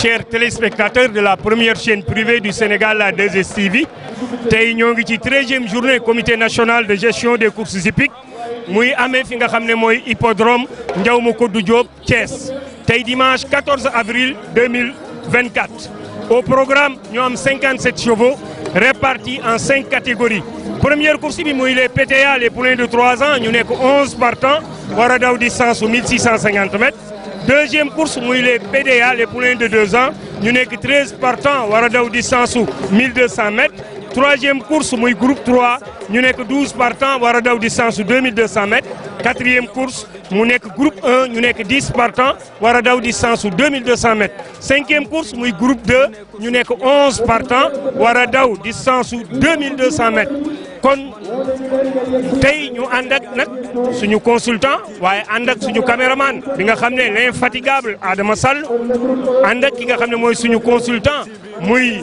chers téléspectateurs de la première chaîne privée du Sénégal la 2STV tey ngi ci treizième journée comité national de gestion des courses hippiques muy amee fi nga xam ne mooy hippodrome Ndiaw Macodou Diop Thiès tey dimanche 14 avril 2024. au programme ñoo am 57 chevaux répartis en cinq catégories première course bi muy les PTA les poulains de ñu nekk 11 partants war a daw distance su 1650 mètres. deuxième course muy les PDA les poulains de deux ans ñu nekk treize partants war a daw distance su mille deux cent mètres. troisième course muy groupe 3 ñu nekk douze partants war a daw distance su deux mille deux cent mètres. quatrième course mu nekk groupe 1 ñu nekk dix partants war a daw distance su deux mille deux cent mètres. cinquième course muy groupe 2 ñu nekk onze par war a daw distance cent deux mille deux cent mètres. kon tey ñu ànd nag suñu consultant waaye ànd ak suñu caméraman bi nga xam ne l'infatigable Adama Sall ànd ak ki nga xam ne mooy suñu consultant muy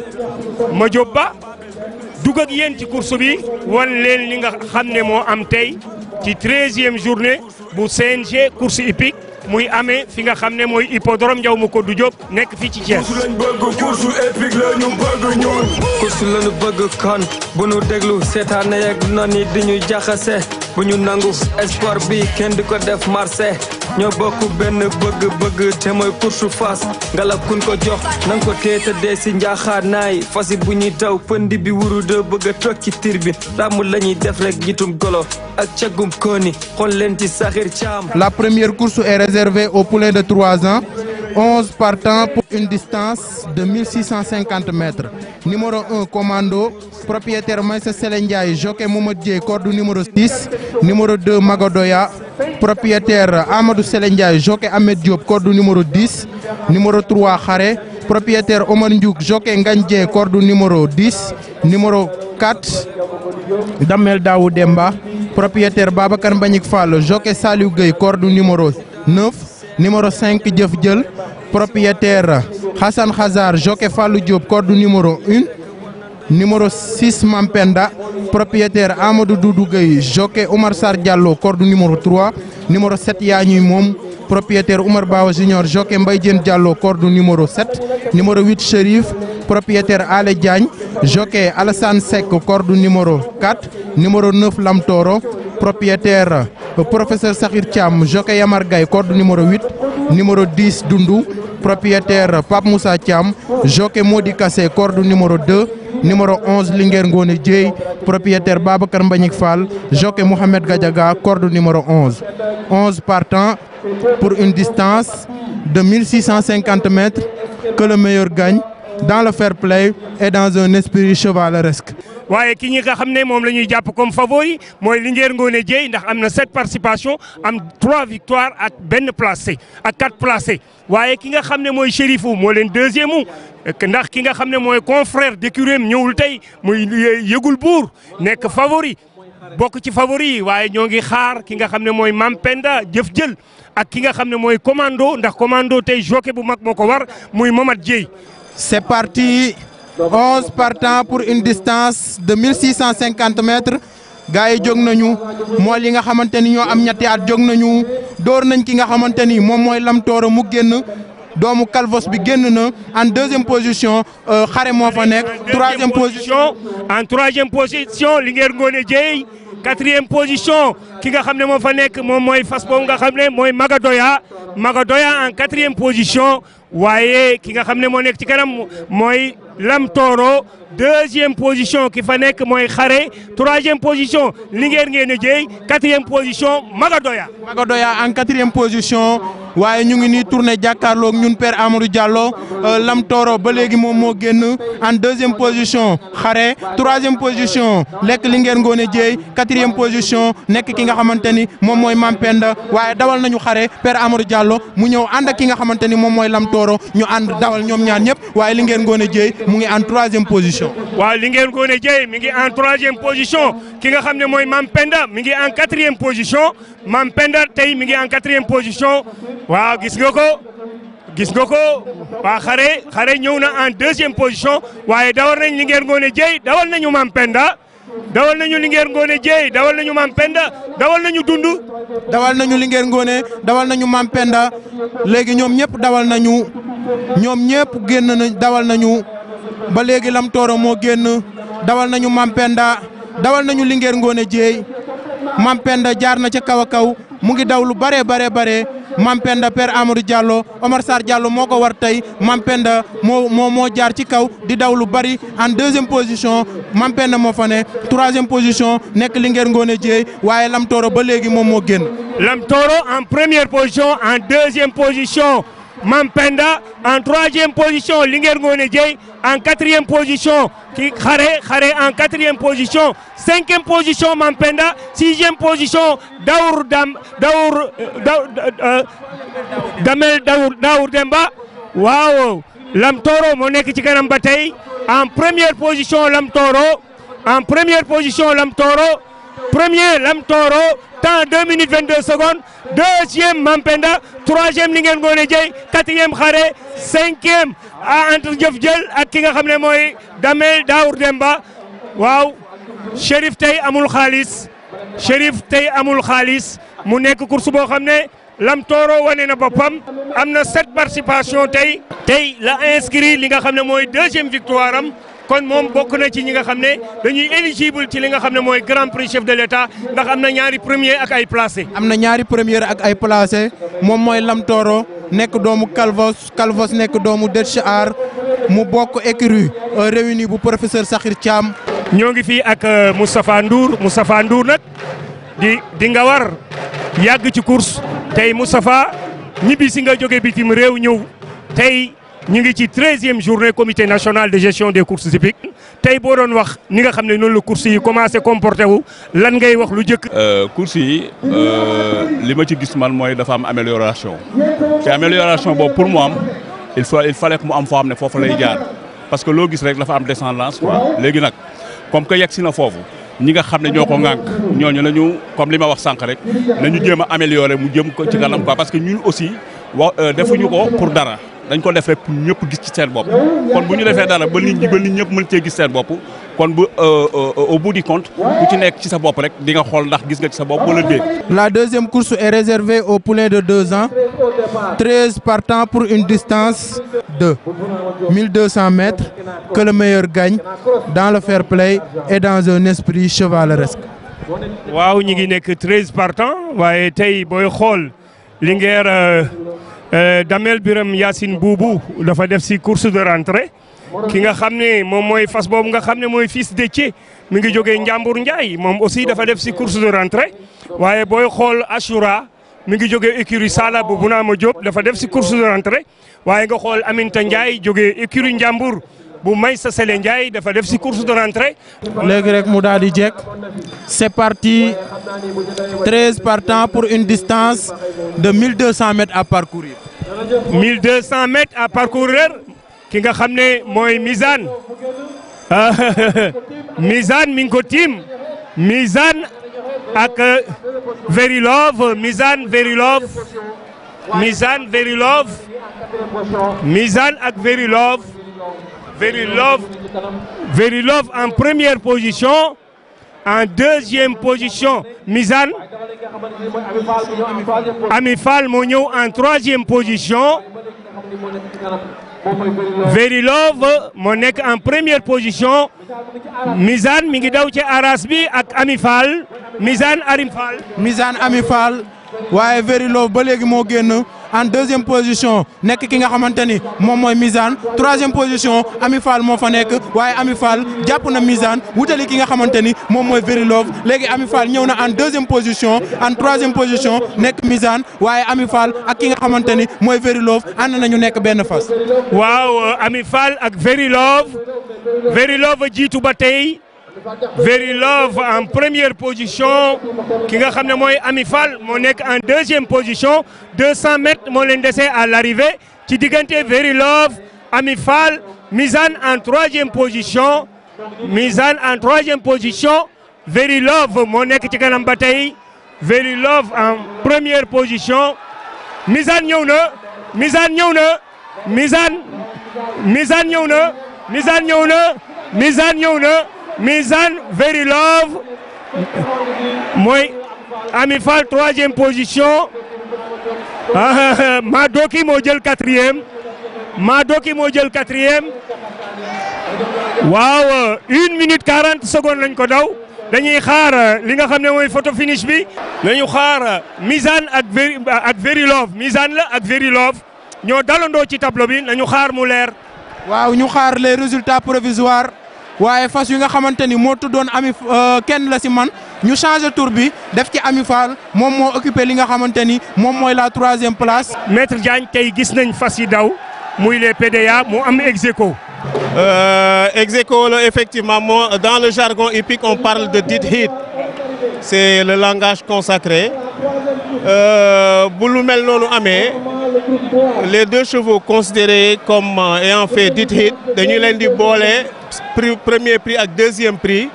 ma Ba dugg ak yéen ci course bi wan leen li nga xam ne moo am tey ci treizième journée bu CNG course hippique muy amee fi nga xam ne mooy hippodrome ko du Diop nekk fii ci Thiès. course lañ bëgg course épique la ñu bëgg ñun. course lañu bu nu déglu seetaan yeeg noon ni di ñu jaxase bu ñu nangu sport bi kenn di ko def marché. ñoo bokk benn bëgg-bëgg te mooy course fas ngalab kun ko jox nanga ko teeta dee si njaaxaar naay fas bu ñuy taw pëndi bi wuru de bëgg a ci tir bi ràmm la ñuy def rek jitum golo ak caggum kooni xool leen ci saxir caam la première course est réservée aux poulains de 3 ans 11 partants pour une distance de 1650 mètres numéro 1 commando propriétaire Maïssa Sele Ndiaye jockey Momad Dieye corde numéro 6 numéro 2 Magodoya propriétaire Amadou Sele Ndiaye jockey Ahmed Diop corde numéro 10 numéro 3 Xare propriétaire Omar Ndiouk jockey Ngagne Dieng corde numéro 10 numéro 4 Damel Daou Demba propriétaire Babacar Mbagnick Fall jockey Saliou Gueye corde numéro 9 numéro 5 Jëf Jël propriétaire Hassan Khazar jockey Fallou Diop corde numéro 1 numéro 6 Mampenda propriétaire Amadou Doudou Gueye jockey Oumar Sarr Diallo numéro 3 numéro 7 yaa ñuy moom propriétaire Oumar Bawa Junior jockey Mbaye Diène Diallo corde numéro 7 numéro 8 Chérif Ale Diagne jockey Alassane Seck corde numéro 4 numéro 9 propriétaire euh, professeur Sakhir Thiam jockey Yamar Gaye code numéro 8 numéro 10 Dundu propriétaire Pape Moussa Thiam jockey Modi Kassé corde numéro 2 numéro 11 Linguère Ngone Dieye propriétaire Babacar Mbagnick Fall jockey Mohamed Gadiaga corde numéro 11 11 partants pour une distance de 1650 mètres que le meilleur gagne dans le fair play et dans un esprit chevaleresque waaye ki ñi nga xam ne moom la ñuy jàpp comme favori mooy Linguère Ngoné Dieye ndax am na sept participations am trois victoires ak benn placé ak quatre placé waaye ki nga xam ne mooy Chérifou moo leen deuxième mu ndax ki nga xam ne mooy confrère d'écurie ñëwul tey muy yëgul buur nekk favori bokk ci favori waaye ñoo ngi xaar ki nga xam ne mooy Mampenda jëf jël ak ki nga xam ne mooy commando ndax commando tey jockey bu mag moo ko war muy Mamad Dieye 11 partants pour une distance de 1650 mètres gars yi jóg nañu mooy li nga xamante ni ñoo am ñetti at jóg nañu door nañ ki nga xamante ni moom mooy Lamtooro mu génn doomu Calvos bi génn na en deuxième position euh, xare moo fa nekk. troisième position en troisième position Linguère Ngone Dieye quatrième position ki nga xam ne moo fa nekk moom mooy fas boobu nga xam ne mooy Magadoya Magadoya en quatrième position waaye ki nga xam ne moo nekk ci kanam mooy Lam Toro deuxième position ki fa nekk mooy Xare troisième position Linguère ngeen a jéey quatrième position Magadoya. Magadoya en quatrième position waaye ñu ngi nii tourné jàkkaarloog ñun père Amadou Diallo euh, Lam Toro ba léegi moom moo génn en deuxième position Xare troisième position lekk Linguère ngeen a jéey quatrième position nekk ki. nga xamante ni moom mooy Mampenda waaye dawal nañu xare Père Amadou Diallo mu ñëw ànd ak ki nga xamante ni moom mooy Lam Tooro ñu ànd dawal ñoom ñaar ñëpp waaye li ngeen ngoone jéey mu ngi en troisième position. waaw li ngeen ngoone jéey mi ngi en troisième position ki nga xam ne mooy man Mampenda mi ngi en quatrième man Mampenda tey mi ngi en quatrième position waaw gis nga ko. gis nga ko waa xare xare ñëw na en deuxième position waaye dawal nañ li ngeen ngoone jéey dawal nañu dawal nañu lingeer Ngone Dieye dawal nañu Mam Penda dawal nañu Dund. dawal nañu lingeer Ngone dawal nañu Mam Penda léegi ñoom ñëpp dawal nañu ñoom ñëpp génn nañ dawal nañu ba léegi Lam Tooro moo génn dawal nañu Mam Penda dawal nañu lingeer Ngone Dieye Mam Penda jaar na ca kaw kaw mu ngi daw lu bare bare bare Mampenda Père Amadou Diallo Omar Sarr Diallo moo ko war tey Mampenda moo moo moo jaar ci kaw di daw lu bari en deuxième position Mampenda moo fa ne position nekk Linguère Ngone Dieye waaye Lam Tooro ba léegi moom moo génn. Lam Tooro en première position en deuxième position. Mampenda en troisième position, Linger Ngonedjei en quatrième position, Khare, Khare en quatrième position, cinquième position Mampenda, sixième position Daour, Dam, Daour, Daour, euh, euh, euh, Damel Daour, Daour Demba. Waouh, Lamtoro Monek Chikanam Batei en première position Lamtoro, en première position Lamtoro. premier Lam Toro temps 2 minutes 22 secondes deuxième Mampenda troisième li ngeen ngoone jëy quatrième xare cinquième a entre jëf jël ak ki nga xam ne mooy Damel Daour Demba waaw Chérif tey amul xaalis Chérif tey amul xaalis mu nekk course boo xam ne Lam Tooro wane na boppam am na sept participation tey tey la inscrit li nga xam ne mooy deuxième victoire am kon moom bokk na ci ñi nga xam ne dañuy éligible ci li nga xam ne mooy grand prix chef de l' ndax am na ñaari premier ak ay placé. am na ñaari premier ak ay placé moom mooy Lam Tooro nekk doomu Calvos Calvos nekk doomu Detchaar mu bokk écurie euh, réunie bu professeur Sakhir Thiam. ñoo ngi fii ak euh, Moustapha Ndour Moustapha Ndour nag di nga war yàgg ci course. tey Moustapha ñibbi si nga jóge bitim réew ñëw tey ñu ngi ci treizième journée comité national de gestion des courses hippiques tey boo doon wax ni nga xam ne noonu la course yi commencé comporté wu lan ngay wax lu jëkk euh, course yi euh, li ma ci gis man mooy dafa am amélioration te amélioration boobu pour mu am il faut il mu am foo xam ne foofu lay jaar parce que loo gis rek dafa am descendance quoi léegi nag comme que yegg si na foofu ñi nga xam ne ñoo ko ŋànk ñooñu nañu comme li ma wax sànq rek nañu jéem a améliorer mu jëm ko ci kanam quoi parce que ñun aussi wa euh, defuñu ko pour dara dañu ko def rek ñëpp gis ci seen bopp kon bu ñu defee dara ba nit ñi ba nit ñëpp mën cee gis seen bopp kon bu euh, euh, au bout du ku ci nekk ci sa bopp rek di nga xool ndax gis nga ci sa bopp wala déet. La deuxième course est réservée aux poulains de deux ans treize partants pour une distance de mille deux cents mètres que le meilleur gagne dans le fair play et dans un esprit chevaleresque. waaw ñu ngi nekk treize partants waaye tey booy xool Linguère. Euh, Euh, Damel Biram Yacine Boubou dafa def si course de rentrée ki nga xam ne moom mooy fas boobu nga xam ne mooy fiis de Déthié mi ngi jógee Njàmbur Njaay moom aussi dafa def si course de rentrée waaye booy xool assura mi ngi jógee écurie Sala bu Bunaama Diop dafa def si course de rentrée waaye nga xool Aminta Ndiaye jógee écurie Njàmbur bu Maysa Sélé Ndiaye dafa def si course de rentrée. léegi rek mu daal di jekk c'est parti 13 partants pour une distance de 1200 mètres à parcourir. 1200 mètres à parcourir ki nga xam ne mooy Mizane Mizane mi ngi ko tiim Mizane ak Verilov Mizane Verilov Mizane Verilov Mizane ak Verilov. Verilov. en première position. En deuxième position, Mizan. moo Mogno en troisième position. Verilov moo nekk en première position Mizane mi ngi daw ci aras bi ak Ami Fall Mizane Arim Fall. Mizane Ami Fall waaye Verilov ba léegi moo génn en deuxième position nekk ki nga xamante ni moom mooy Misaan troisième position Ami Fall moo fa nekk waaye Ami Fall jàpp na Misaan wutali ki nga xamante ni moom mooy Verilov léegi Ami Fall ñëw na en deuxième position en troisième position nekk Misaan waaye Ami Fall ak ki nga xamante ni mooy Verilov na nañu nekk benn fas. waaw Ami Fall ak Verilov Verilov jiitu ba tey. Very Love en première position ki nga xam ne mooy Ami Fall moo nekk en deuxième position 200 mètres moo leen dese à l'arrivée ci diggante Very Ami Fall Mizane en troisième position Mizane en troisième position Very Love moo nekk ci kanam ba tey Very en première position Mizane ñëw na Mizane ñëw na Mizane Mizane ñëw na Mizane ñëw na Mizane ñëw na Mizan Very Love mooy Ami Fall troisième position Madoki moo jël quatrième Madoki moo jël quatrième waaw euh, une minute quarante secondes lañ ko daw dañuy xaar euh, li nga xam ne mooy photo finish bi dañu xaar euh, Mizan ak Very ak Very Love Mizan la ak Very Love ñoo dalandoo ci tableau bi nañu xaar mu leer waaw ñu xaar les résultats provisoires waaye fas yu nga xamante ni moo doon ami euh, kenn la si man ñu changé tour bi def ci ami faal moom moo occupé li nga xamante ni moom mooy la troisième place. maître Diagne kay gis nañ fas yi daw muy les PDA mu am exéco. exéco euh, la effectivement moo dans le jargon hippique on parle de dit hit c'est le langage consacré. Euh, bu lu mel noonu amee les deux chevaux considérés comme en euh, fait dit hit dañu leen di boole prix premier prix ak deuxième prix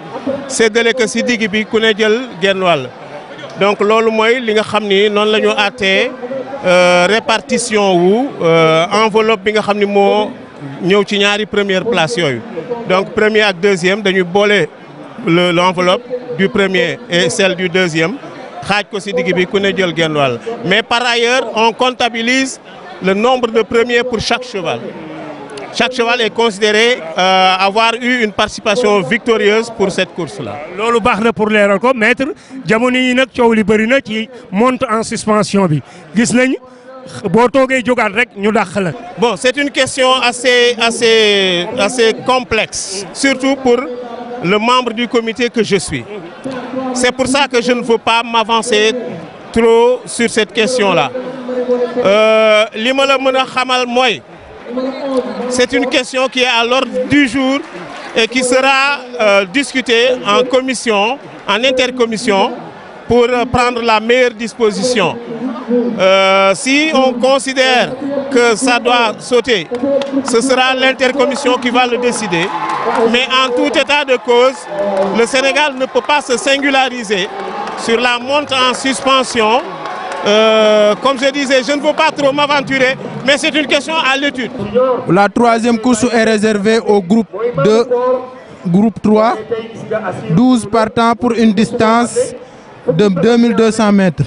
séddale ko si digg bi ku ne jël genn wàll. donc loolu mooy li nga xam ni noonu la ñu àttee euh, répartition wu enveloppe bi nga xam ni moo ñëw ci ñaari première place yooyu donc premier ak deuxième dañuy boole l'enveloppe du premier et celle du deuxième. xaaj ko si digg bi ku ne jël genn wàll mais par ailleurs on comptabilise le nombre de premier pour chaque cheval chaque cheval est considéré euh, avoir eu une participation victorieuse pour cette course-là. loolu baax na pour leeral ko maître jamono yi nag coow li bëri na ci monte en suspension bi gis nañ boo toogee jogal rek ñu dàq la. bon c'est une question assez assez assez complexe surtout pour le membre du comité que je suis C'est pour ça que je ne veux pas m'avancer trop sur cette question-là. Euh, li ma la mën a xamal mooy c'est une question qui est à l'ordre du jour et qui sera euh, discutée en commission, en intercommission, pour euh, prendre la meilleure disposition. Euh, si on considère que ça doit sauter, ce sera l'intercommission qui va le décider. Mais en tout état de cause, le Sénégal ne peut pas se singulariser sur la montre en suspension. Euh, comme je disais, je ne veux pas trop m'aventurer, mais c'est une question à l'étude. La troisième course est réservée au groupe 2, groupe 3, 12 pour une distance de 2200 mètres.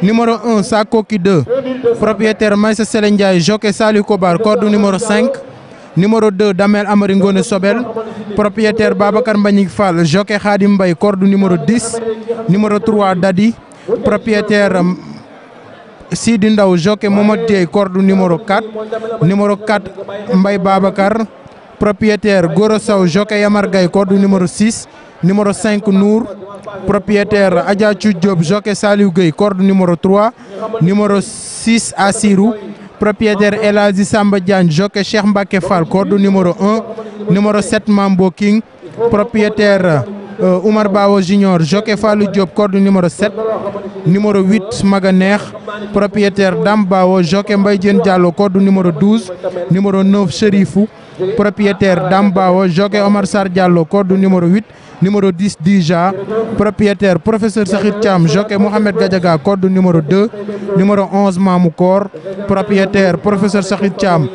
Numéro 1, Sakoki 2, propriétaire Maïssa Selendiaï, Jockey Salih Kobar, cordon numéro 5. Numéro 2, Damel Amaringone Sobel, propriétaire Babacar Mbagnik Fall, Jockey Khadim Bay, cordon numéro 10. Numéro 3, Dadi, propriétaire Sidi Ndaw, Jockey Momad Dieye, cordon numéro 4. Numéro 4, Mbay Babacar, propriétaire Goro Sow, Jockey Yamar numéro 6. numéro 5 Nour propriétaire Adja Thiou Diop jockey Saliou corde numéro 3 numéro 6 Assirou propriétaire El Hadji Samba Diagne jockey Cheikh Mbacké Fall corde numéro un numéro 7 Mambo King propriétaire euh, Oumar Bawo Junior jockey Fallou Diop corde numéro 7 numéro 8 Maganeex propriétaire Dame Bawo jockey Mbaye Diène corde numéro 12 numéro 9 Chérifou propriétaire Dame Bawo jockey Omar Sarr Diallo corde numéro 8 numéro dix Dija propriétaire professeur Sakhir Thiam jockey Mohamed Gadiaga code numéro 2 numéro 11 Mamou Kor propriétaire professeur Sakhir Thiam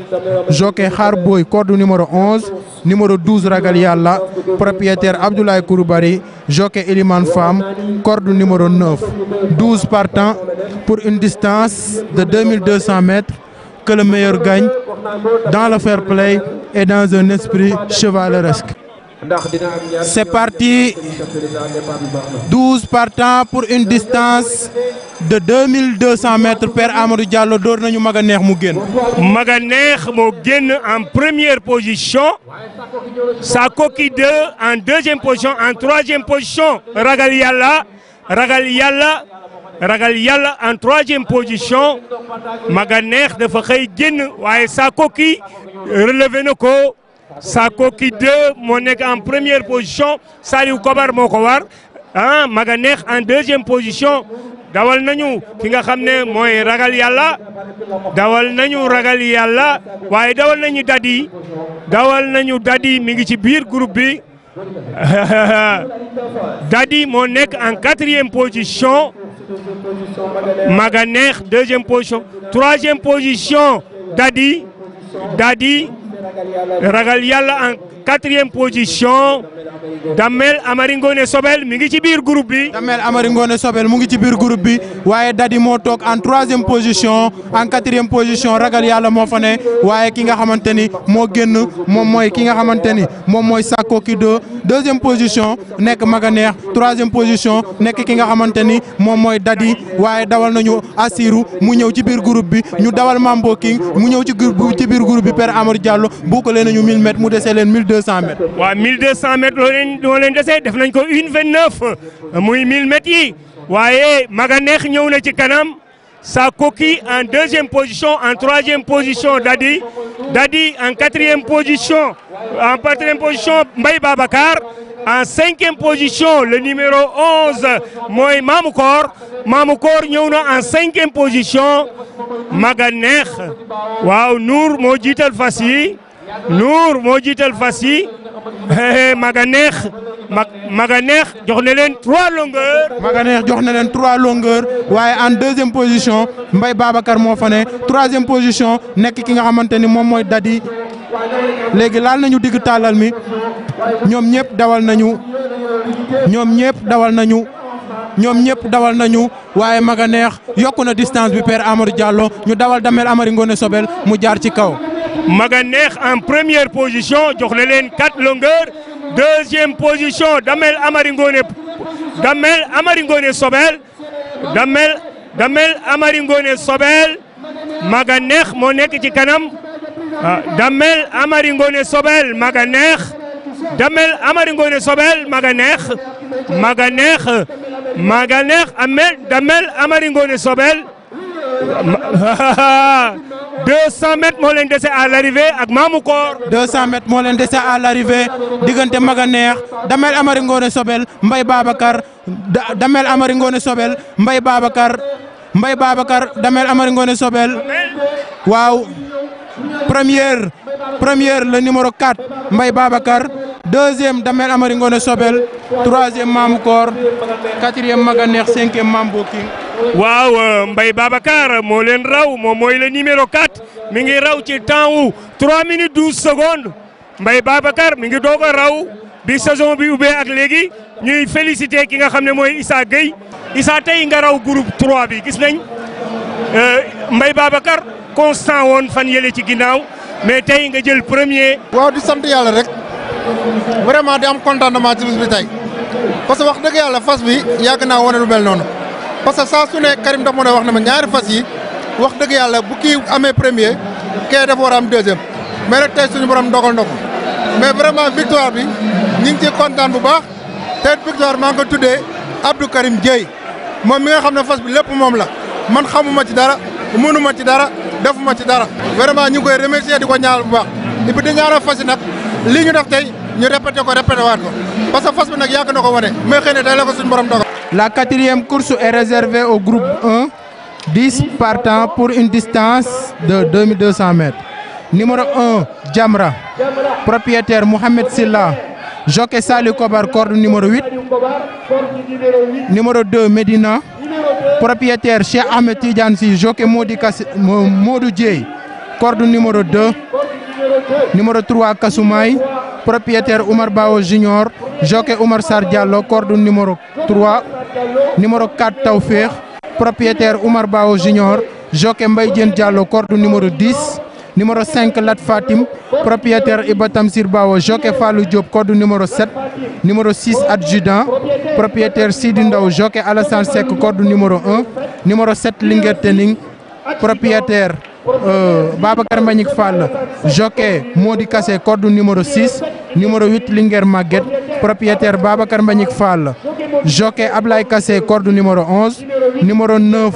jockey Khar Boy code numéro 11 numéro 12 Ragal Yalla propriétaire Abdoulaye Kouroubari jockey Eliman Fam corde numéro 9 12 partants pour une distance de 2200 mètres que le meilleur gagne dans le fair play et dans un esprit chevaleresque C'est parti. 12 partants pour une distance de 2200 mètres. Père Amadou Diallo door nañu maga neex mu génn. maganeex neex moo génn en première position. Sakoki 2 en deuxième position en troisième position. Ragal yàlla Ragal yàlla Ragal yàlla en troisième position maga dafa xëy génn waaye Sakoki relevé na ko. sa coquille 2 moo nekk en première position Saliou Kobar moo ko war ah maga neex en deuxième position dawal nañu ki nga xam ne mooy ragal yàlla dawal nañu ragal yàlla waaye dawal nañu dadi dawal nañu dadi mi ngi ci biir groupe bi dadi moo nekk en quatrième position maga neex deuxième position troisième position dadi dadi ragal yàlla en quatrième position Damel Amari Ngone Sobel mi ngi ci biir groupe bi. Damel Amari Ngone Sobel mu ngi ci biir groupe bi waaye Dadi moo toog en troisième position en quatrième position ragal yàlla moo fa ne waaye ki nga xamante ni moo génn moom mooy ki nga xamante ni moom mooy Sakko Kido deuxième position nekk Maganeex troisième position nekk ki nga xamante ni moom mooy Dadi waaye dawal nañu Assirou mu ñëw ci biir groupe bi ñu dawal Mambo King mu ñëw ci biir groupe bi Père Amar Diallo boo ko leen nañu 1000 mètres mu dese 1200 mètres. waaw 1200 mètres loo leen waaye Maganeex ñëw na ci kanam sa coquille en deuxième position en troisième position Dadi Dadi en quatrième position en quatrième position mbay Babacar en cinquième position le numéro 11 mooy Mamoukoor Mamoukoor ñëw na en cinquième position Maganeex waaw Nour moo jiital fas yi. Nour moo jiital fas yi maganeex neex mag maga jox na leen trois longueurs. maga jox na leen trois longueurs waaye en deuxième position mbay Babacar moo fa ne troisième position nekk ki nga xamante ni moom mooy Dadi léegi laal nañu digg tàllal mi ñoom ñëpp dawal nañu ñoom ñëpp dawal nañu. ñoom ñëpp dawal nañu waaye maganeex yokku na distance bi per amaru Diallo ñu dawal dameel Amari Ngone Sobel mu jaar ci kaw Maganeex en première position jox na leen quatre longueurs deuxième position Damel Amari Ngone Damel Damel Damel Amari Ngone Sobel Maganeex moo nekk ci kanam ah, Damel Amari Ngone Sobel Maganeex Damel Amari Ngone Sobel Maganeex Maganeex Maganeex Amel Damel Amari Ngone Sobel deux cent mètres moo leen dese à l'arrivée ak Mamou Koor. deux cent mètres moo leen dese à l'arrivée diggante Maga Neex Damel Amari Ngoone Sobel Mbay Babacar Damel Amari Ngoone Sobel Mbay Babacar Mbay Babacar Damel Amari Ngoone Sobel waaw première première le numéro 4 Mbay Babacar. deuxième Damel Amary Ngoné Sobel troisième Mamou Koor quatrième Maganeex cinquième Mambo King waaw euh, mbay Babacar moo leen raw moom mooy le numéro 4 mi ngi raw ci temps wu 3 minutes 12 secondes mbay Babacar mi ngi doog a raw bi saison bi ubbee ak léegi ñuy féliciter ki nga xam ne mooy Issa Gueye Issa tey nga raw groupe 3 bi gis nañ euh, Mbaye Babacar constant woon fan yele ci ginnaaw mais tey nga jël premier. waaw di sant yàlla rek. vraiment di am contentement ci bis bi tey parce que wax dëgg yàlla fas bi yàgg naa wane lu mel noonu parce que saa su ne Karim daf wax na ma ñaari fas yi wax dëgg yàlla bu kii amee premier kee dafa war a am deuxième mais nag tey suñu borom dogal na ko mais vraiment victoire bi ñu ngi ciy kontaan bu baax tey victoire maa ngi ko tuddee Abdou Karim Dieye moom mi nga xam ne fas bi lépp moom la man xamuma ci dara mënuma ci dara defuma ci dara vraiment ñu ngi koy remercier di ko ñaanal bu baax et puis di yi nag lii ñu def tey. ñu répété ko répété waat ko parce que fas bi nag yàgg na ko wane mais xëy la ko suñu borom dogal. la quatrième course est réservée au groupe 1 10 partants pour une distance de 2200 mètres numéro 1 Jamra propriétaire Mohamed la jockey Salih Kobar corde numéro 8 numéro 2 Medina propriétaire Cheikh Ahmed Tidiane Sy jockey Modou Modou Dieye corde numéro 2 numéro 3 Kasumay propriétaire Oumar Bao Junior jockey Oumar Sar Diallo corde numéro 3 numéro 4 Tawféex propriétaire Oumar Bao Junior jockey Mbaye Diène Diallo corde numéro 10 numéro 5 Lat Fatim propriétaire Iba Tamsir Bao jockey Fallou Diop corde numéro 7 numéro 6 Adjudant propriétaire Sidi Ndaw jockey Alassane Seck corde numéro 1 numéro 7 Linguère Tening Euh, Babacar Mbagnick Fall jockey Mody kase code numéro 6 numéro 8 Linguère Maguette propriétaire Babacar Mbagnick Fall jockey Ablaye Kassé corde numéro 11 numéro 9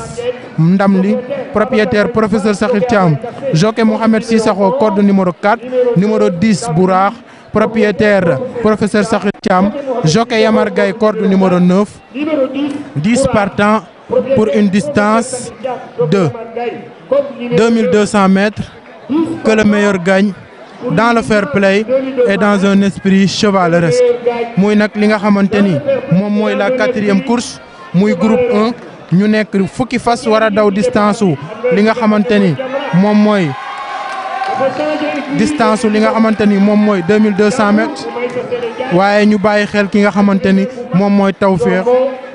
Ndamli propriétaire professeur Sakhir Thiam jockey Mohamed Sissakho kordu numéro 4 numéro 10 Bourax propriétaire professeur Sakhir Thiam jockey Yamar Gaye corde numéro 9 10 partants pour une distance de 2200 mètres, que le meilleur gagne dans le fair play et dans un esprit chevaleresque. muy nag li nga xamante ni moom mooy la quatrième course muy groupe 1 ñu nekk fukki fas war a daw distance li nga xamante ni moom mooy distance li nga xamante ni moom mooy 2200 mètres waaye ñu bàyyi xel ki nga xamante ni moom mooy Tawfekh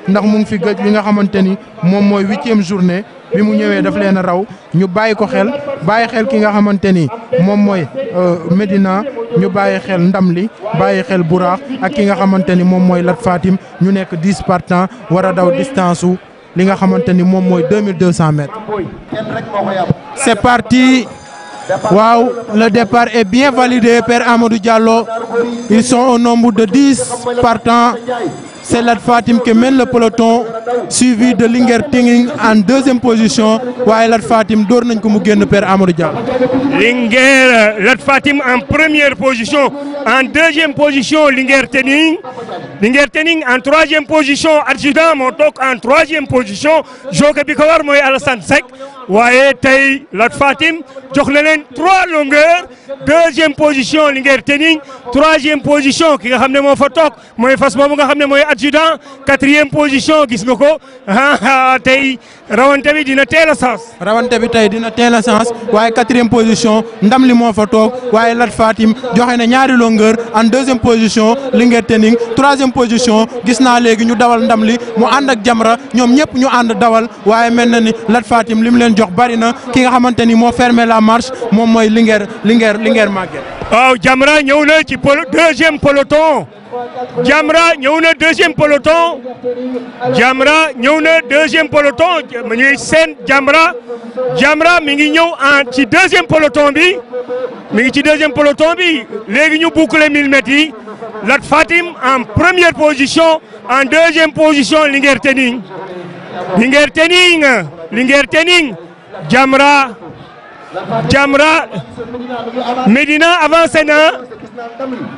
ndax mu ngi fi gëj li nga xamante ni moom mooy huitième journée. bi mu ñëwee daf leen a raw ñu bàyyi ko xel bàyyi xel ki nga xamante ni moom mooy euh, Medina ñu bàyyi xel ndam li bàyyi xel buraax ak ki nga xamante ni moom mooy Lat Fatim ñu nekk 10 partants war a daw distance su li nga xamante ni moom mooy 2200 mètres. C'est parti. waaw le départ est bien validé par Amadou Diallo. Ils sont au nombre de 10 partants. C'est Fatim qui mène le peloton, suivi de Linger Tingling en deuxième position. Waye Lat Fatim dornañ ko mu génn père Amadou Dia. Linger Lat Fatim en première position, en deuxième position Linger Tingling. Linger Tingling en troisième position, adjudant Montok en troisième position, Joke Bikowar moy Alassane Sek. waaye tey Lat Fatim jox na leen trois longueurs deuxième position Linguère Tening troisième position ki nga xam ne moo fa toog mooy fas boobu nga xam ne mooy adjudant quatrième position gis nga ko ah, ah, tey rawante bi dina teel a sens. rawante bi tey dina teel a sens waaye quatrième position ndam li moo fa toog waaye Lat Fatim joxe na ñaari longueur en deuxième position Linguère Tening troisième position gis naa léegi ñu dawal ndam li mu ànd ak Jamra ñoom ñëpp ñu ànd dawal waaye mel na ni Lat Fatim li leen jox bari na ki nga xamante ni moo fermé la marche moom mooy Linguère Linguère Linguère Maguette. waaw Jamra ñëw na ci deuxième peloton. Jamra ñëw na deuxième peloton Jamra ñëw na deuxième peloton mu ñuy seen Jamra Jamra mi ngi ñëw en ci deuxième peloton bi mi ngi ci deuxième peloton bi léegi ñu boucler 1000 mètres yi Lat Fatim en première position en deuxième position Linguère Tening Linguère Tening Linguère Tening Jamra Médina avancé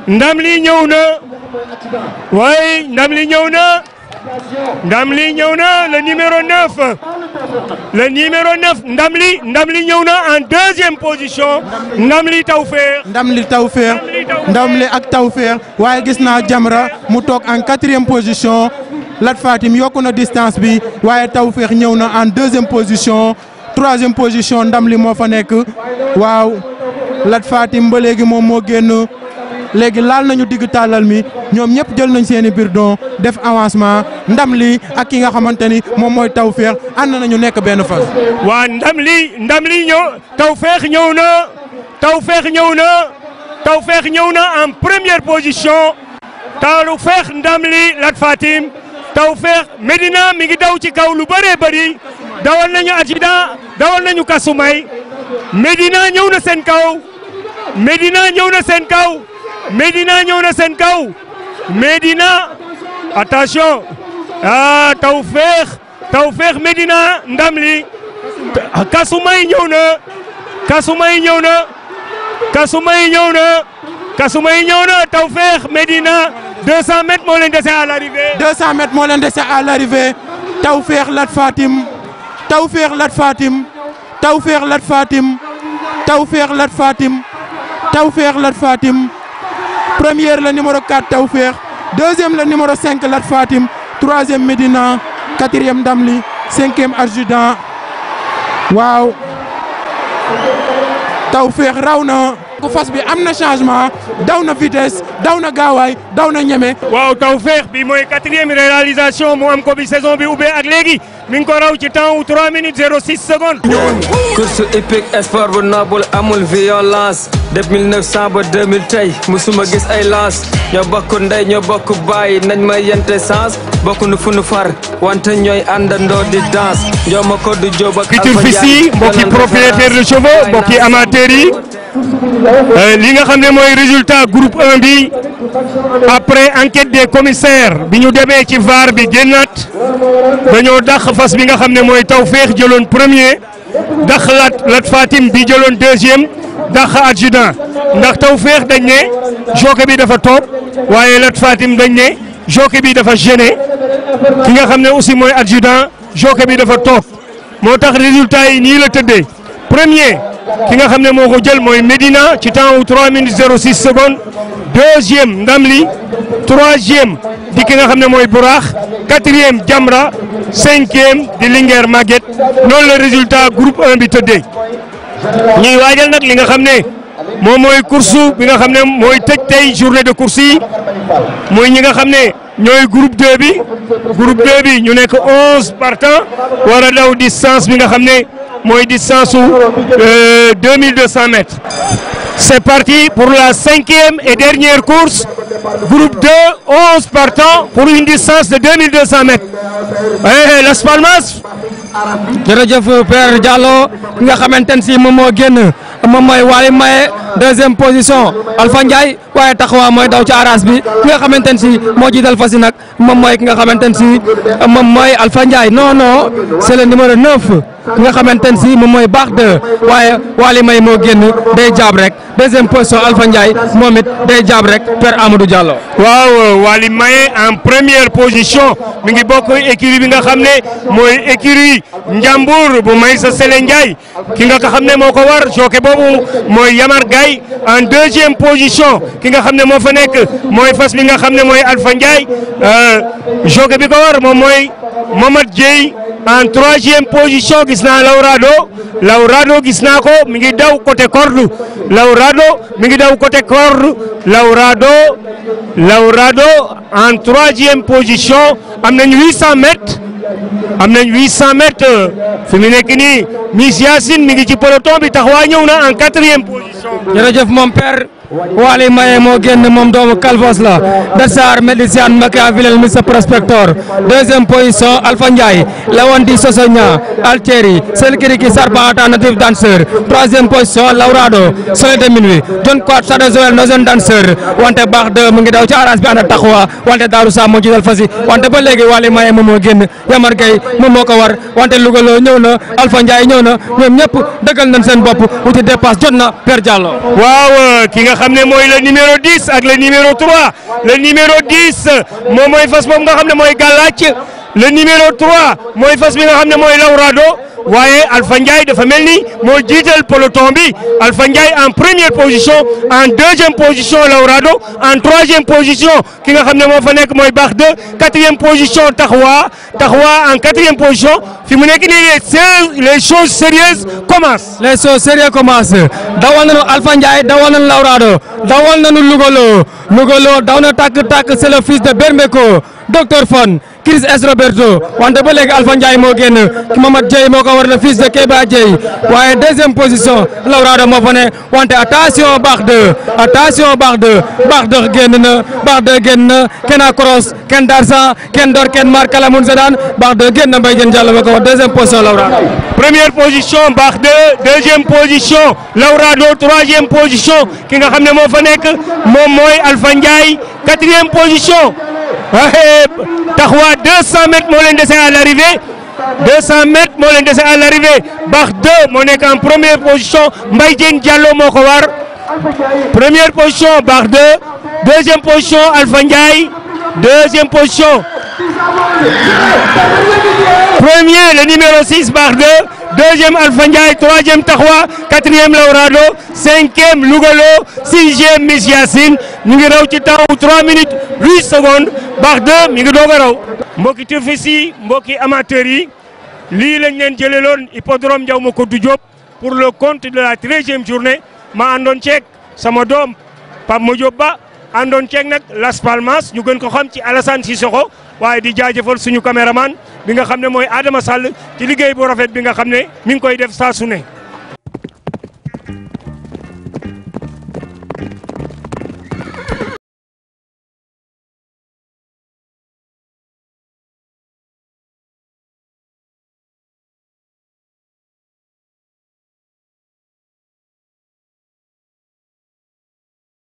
ndam li ñëw na waaye ndam li ñëw na ndam ñëw na le numéro 9 le numéro 9 ndam li ndam li ñëw na en deuxième position ndam li tawfeex ndam li tawfeex ndam li ak tawfeex waaye gis naa Jamra mu toog en quatrième position Lat faatim yokku na distance bi waaye tawfeex ñëw na en deuxième position troisième position ndam li moo fa nekk waaw Lat Fatim ba léegi moom moo génn léegi laal nañu digg tàllal mi ñoom ñëpp jël nañ seeni i biir don def avancement ndam li ak ki nga xamante ni moom mooy tawféex ànd nañu nekk benn fas. waa ndam li ndam li ñëw tawféex ñëw na tawféex ñëw na tawféex ñëw na en première position tawféex ndam li Lat Fatim tawféex Medina mi ngi daw ci kaw lu bëree bëri dawal nañu Adjida dawal nañu Kasumay Medina ñëw na seen kaw Medina ñëw na seen kaw. Médina ñëw na seen kaw Médina attention ah taw féex taw féex Médina ndam li Kasumay ñëw na Kasumay ñëw na Kasumay ñëw na Kasumay ñëw na taw féex Médina 200 mètres moo leen dese à l'arrivée. 200 moo leen dese à l'arrivée taw féex Lat Fatim taw féex Lat Fatim taw féex Lat Fatim taw féex Lat Fatim taw féex Lat Fatim. première le numéro 4 Tawfekh deuxième la numéro 5 Lat Fatim troisième Médina quatrième Damli cinquième Adjudant waaw Tawfekh raw na ko fas bi am na changement daw na vitesse daw na gaawaay daw na ñeme waaw Tawfekh bi mooy quatrième réalisation mu am ko bi saison bi ubbee ak léegi mi ngi ko raw ci temps wu 3 minutes 06 secondes. course hippique sport bu noble amul violence depuis 1900 ba 2000 tey ma gis ay lance ñoo bokk ndey ñoo bokk baay nañ ma yente sens bokk nu fu nu far wante ñooy àndandoo di danse. Ndioma Codou Diop ak Alpha Diagne. mbokki propriétaire de chevaux mbokki amateurs yi. Euh, li nga xam ne mooy résultat groupe 1 bi après enquête des commissaires bi ñu demee ci VAR bi génnaat dañoo dàq fas bi nga xam ne mooy Tawfeex jëloon premier dàq Lat Lat Fatim bi jëloon deuxième dàq adjudant ndax taw feex dañ ne jockey bi dafa toog waaye Lat Fatim dañ ne jockey bi dafa gêné ki nga xam ne aussi mooy adjudant jockey bi dafa toog moo tax résultat yi nii la tëddee premier. ki nga xam ne moo ko jël mooy Medina ci temps wu 3 minutes 06 secondes deuxième ndam li troisième di ki nga xam ne mooy Buraax quatrième Jamra cinquième di Linguère magget noonu le résultat group 1 bi tëddee ñuy waajal nag li nga xam ne moom mooy course bi nga xam ne mooy tëj tey journée de course yi mooy ñi nga xam ne ñooy groupe 2 bi groupe 2 bi ñu nekk 11 partants war daw distance bi nga xam ne. mooy distance su 2200 euh, mètres. C'est parti pour la cinquième et dernière course. Groupe 2, 11 partants pour une distance de 2200 mètres. Eh, eh, Las Palmas jërëjëf Père Diallo ki nga xamante ne si moom moo génn moom mooy Waly Maye deuxième position Alpha Ndiaye waaye taxawaa mooy daw ci aras bi ki nga xamante ne si moo jiital fas yi nag moom mooy ki nga xamante ne si moom mooy Alpha Ndiaye non non c'est le numéro 9 ki nga xamante ne si moom mooy baax de waaye Waly Maye moo génn day jaab rek deuxième position Alpha Ndiaye moom day jaab rek Père Amadou Diallo. waaw Waly Maye en première position mi ngi bokk écurie bi nga xam ne Ndiaye Njàmbur bu Maysa Sele Ndiaye ki nga xam ne moo ko war jockey boobu mooy Yamar Gaye en deuxième position ki nga xam ne moo fa nekk mooy fas bi nga xam ne mooy Alpha Ndiaye euh, jockey bi ko war moom mooy Mamad Dieye en troisième position gis naa Laurado Laurado gis naa ko mi ngi daw côté corde Laurado mi ngi daw côté corde Laurado Laurado en troisième position am nañ 800 mètres. am nañ 800 mètres fi mu nekk nii Miss Yacine mi ngi ci peloton bi taxawaay ñëw na en quatrième position. jërëjëf mon Wali Maye moo génn moom doomu Calvos la Dassar Médiciane Maka Villel Mister Prospector deuxième position Alpha Ndiaye Lawandi Sosogna Alteri Selkiriki Sarbata Native Dancer troisième position Laurado Soleil de Minuit John Quart Sada Joel Nozen Dancer wante baax de mu ngi daw ci aras bi ànd ak wante Darou Sam moo fasi wante ba léegi Wali Maye moom moo génn Yamar moom moo ko war wante Louga ñëw na Alpha Ndiaye ñëw na ñoom ñëpp xam ne mooy le numéro 10 ak la numéro 3 le numéro 10 moom mooy fas boobu nga xam ne mooy gàllaaj le numéro 3 mooy fas bi nga xam ne mooy lawrado waaye Alpha Ndiaye dafa mel ni moo jiital peloton bi Alpha Ndiaye en première position en deuxième position Laurado en troisième position ki nga xam ne moo fa nekk mooy baax deux quatrième position Taxwa Taxwa en quatrième position fi mu nekk nii les choses sérieuses commencent. les choses sérieuses commencent dawal nañu Alpha Ndiaye dawal nañu Laurado dawal nañu Lugolo Lugolo daw na tàkk tàkk c'est le fils de Bermeko. docteur Fon Chris S Roberto wante ba léegi Alpha Ndiaye moo génn ki Mamad moo ko war na de Keba Dieye waaye deuxième position Laurado moo fa ne wante attention baax de attention baax de baax de génn na baax de génn na Kena Cross kenn Darsan Ken Dor Ken Mar Kalamoun Zedane baax de génn na Mbaye Diène Diallo moo ko war deuxième position Laurado. première position baax de ki nga xam ne moo fa nekk moom mooy Alpha Ndiaye quatrième position. Taxawa 200 mètres moo leen dese à l'arrivée 200 mètres moo leen dese à l'arrivée Bax 2 moo nekk en première position Mbaye Dieng Diallo moo ko war première position Bax 2 deuxième position Alpha Ndiaye deuxième position premier le numéro 6 Bax 2 deuxième Alpha troisième Taxawa quatrième Laurado cinquième Lougalo sixième Miss Yacine ñu ngi raw ci temps 3 minutes 8 secondes. baax de mi ngi doog a raw mbokki tefes yi mbokki amateurs yi lii lañ leen jëleloon njaw ma koddu Diop pour le compte de la treizième journée ma àndoon ceeg sama doom Pape Madiop Ba àndoon ceeg nag Las Palmas ñu gën ko xam ci Alassane Sissoko waaye di jaajëfal suñu caméraman bi nga xam ne mooy Adama Sall ci liggéey bo rafet bi nga xam ne mi ngi koy def saa su ne